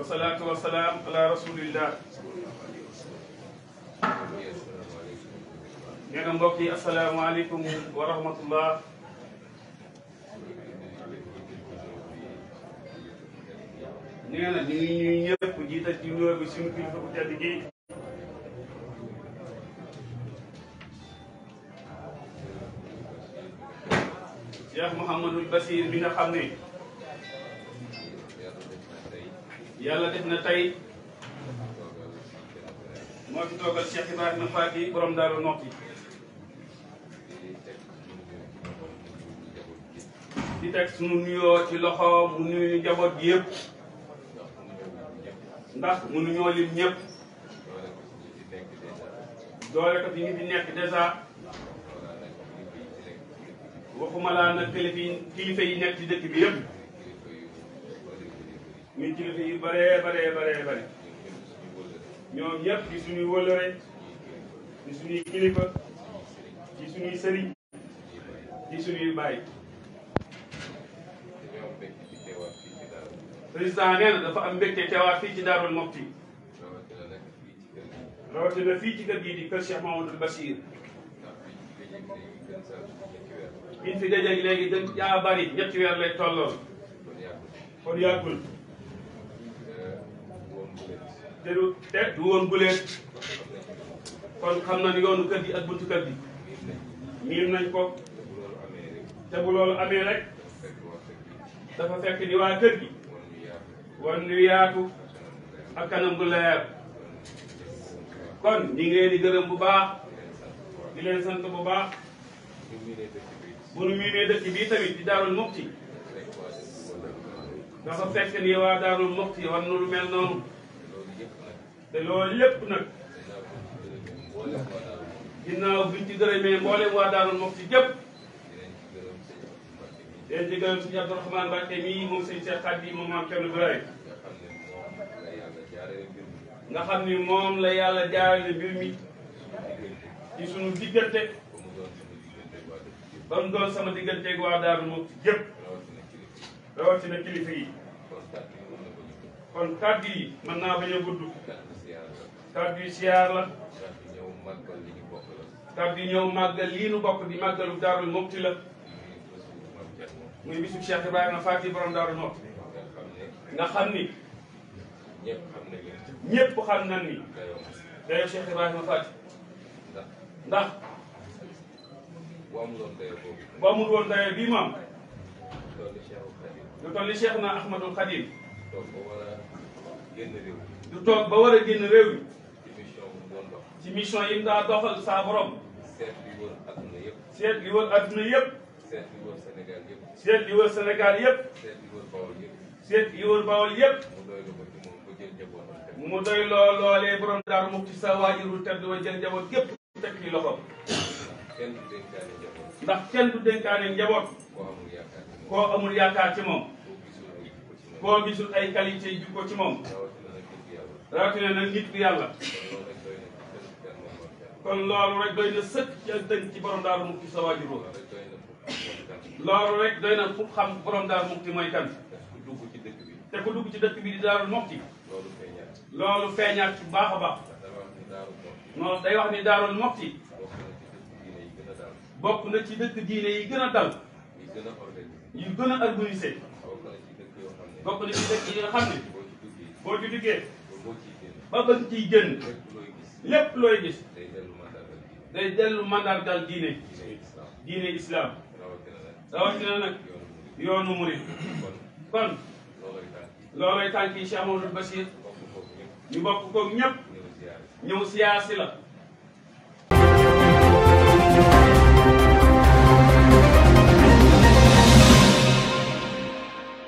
wasalaatu wasalaam ala rasulillah nee na mbokk yi asalaamaaleykum wa rahmatullah nee na ñu ngi ñuy ñëpp jiital ci nuyoo bi suñu kilifa bu tedd gi Cheikh Mouhamadul Basir bi nga xam ne yàlla def na tey moo fi toogal Cheikh Ibrahima Faati borom Daaru Muxti di teg sunu nuyoo ci loxo mu nuyu njaboot gi yëpp ndax mënuñoo lim ñëpp doole ko fi ñu fi nekk dèjà waxuma laa nag kilifa yi nekk ci dëkk bi yëpp muy kilifa yu bare bare bare bare ñoom ñëpp di suñuy wëllëre di suñuy kilifa di suñuy sëriñ di suñuy bàyyi président nee na dafa am fii ci Daarul Mofti rawatina fii ci kër gii di kër Cheikh Mamadou Bachir biñ fi dajeeg léegi dañ jaa bari ñetti weer lay tolloon kon yàggul te du te du woon guleet kon xam na ni yoonu kër gi ak buntu kër gi miin nañ ko te bu loolu amee rek dafa fekk ni waa kër gi wan nu yaatu ak kanam bu leer kon ñi ngi di gërëm bu baax di leen sant bu baax bu nu miinee dëkk bii tamit di Daarul Muxti dafa fekk ni waa Daarul Muxti wan nu lu mel noonu te loolu lépp nag ginnaaw biñ ci gërëmee mboolem waa Daarul Muxti jëpp den ci gërëm sëñ Abdourahmane Mbacke mii moom sëñ Cheikh Khady moom maam Thierno Birahim nga xam ni moom la yàlla jaarale mbir mi ci sunu diggante ba mu doon sama digganteeg waa Daarul Muxti jëpp rawatina kilifa yi kon kàddu yi mën naa bañ a gudd kaddu yu siyaar la. kaddu ñëw màggal li ñu bokk la. kaddu ñëw màggal lii nu bokk di màggalu daarul mukti la. muy bisu Cheikh Ibrahima nga xam ni. ñëpp xam nañ ni. ni. dayoo Cheikh Ibrahima Faty. ndax. ndax. bu amul woon dayoo boobu. bu amul woon na Ahmadul Khadim. du toog ba war a génn du toog ba war a ci mission yi mu daa doxal saa borom. seet li wër adduna yëpp. seet li wër Sénégal yëpp. seet li wër Bawol yëpp. mu doy loo ko ci moom ba jël njaboot. mu doy loo loolee borom mu ci sa waajuru tedd wa jël njaboot yëpp teg ci ndax kenn du dénkaane njaboot. koo amul yaakaar ci moom. koo amul ay qualité yu jikko ci moom. rawatina nag nit ku yàlla. kon loolu rek doy na sëkk ci ak dënk ci borom daaru mukti sa waajur loolu rek doy na fu xam borom daaru mukti mooy kan te ku dugg ci dëkk bi di daaru mukti loolu feeñaat ci baax a baax moom day wax ni daaru mukti bokk na ci dëkk diine yi gën a dal yu gën a organisé bokk na ci dëkk yi nga xam ne boo ci duggee ba bëgg ciy génn lépp looy gis day dellu mandargal diine diine islam rawatina nag yoonu murid kon loolay tànk yi Cheikh Amadou Bachir ñu bokk koog ñëpp ñëw siyaasi la